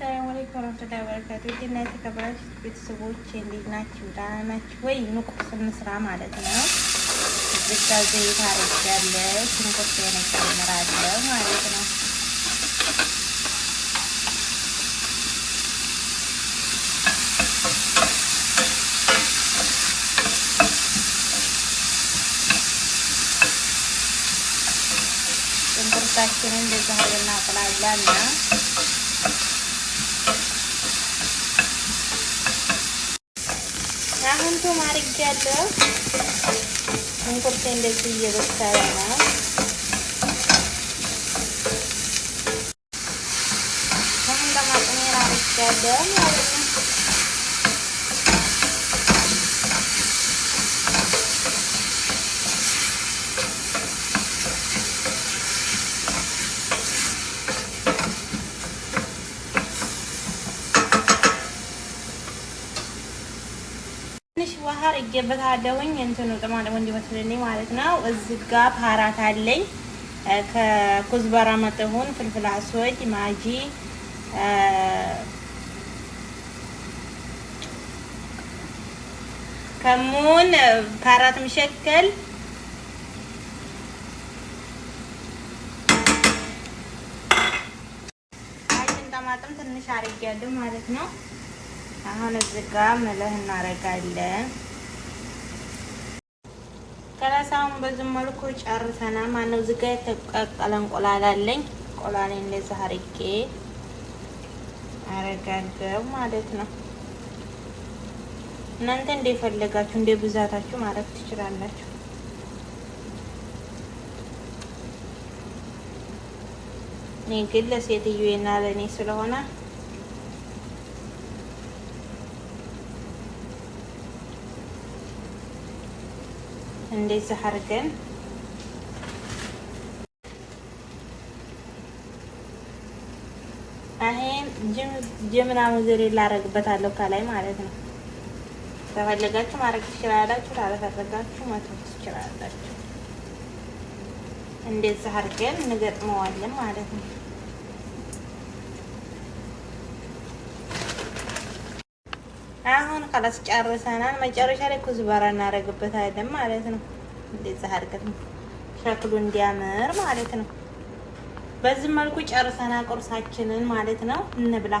ሰላም አለይኩም ወራህመቱላሂ ወበረካቱ። እና የተከበራችሁ ቤተሰቦች እንዴት ናችሁ? ደህና ናችሁ ወይ? ንቁስ እንስራ ማለት ነው። እዚህ ዘይት አደርጋለሁ፣ ሽንኩርት እጨምራለሁ ማለት ነው። ሽንኩርታችንን እንደዚህ አድርገን እናቁላላና కొంచెం అరిగ్గాక ఇంకొక టెన్ డేస్ ఎదుగుతారన్నా ముందు మాత్రం మీరు అరిగ్గాక ትንሽ ውሃ አድርጌበታለሁኝ እንትኑ ጥማለሁ እንዲመስልልኝ ማለት ነው። እዚህ ጋ ፓራት አለኝ ከኩዝበራ መጥሁን ፍልፍል አስወጅ፣ ማጂ ከሙን ፓራት ምሸከል አሽን ጠማጥም ትንሽ አድርጌያለሁ ማለት ነው። አሁን እዚህ ጋር ምልህ እናደርጋለን። ቀለሳውን በዚህ መልኩ ጨርሰናል ማለት ነው። እዚህ ጋር የተቀቀለ እንቁላል አለኝ። እንቁላል እንደዚህ አድርጌ አረጋገው ማለት ነው። እናንተ እንደፈለጋችሁ እንደ ብዛታችሁ ማድረግ ትችላላችሁ። እኔ ግን ለሴትዮና ለእኔ ስለሆነ እንደዚህ አድርገን ጅም ጅምና ሙዘሬ ላረግበታለሁ ከላይ ማለት ነው። ተፈለጋችሁ ማድረግ ትችላላችሁ፣ አለፈለጋችሁ መተው ትችላላችሁ። እንደዚህ አድርገን እንገጥመዋለን ማለት ነው። አሁን ካላስ ጨርሰናል። መጨረሻ ላይ ኩዝበራ እናደርግበታለን ማለት ነው። እንደዛ አድርገን ሸክሉ እንዲያምር ማለት ነው። በዚህ መልኩ ጨርሰናል ቁርሳችንን ማለት ነው። እንብላ።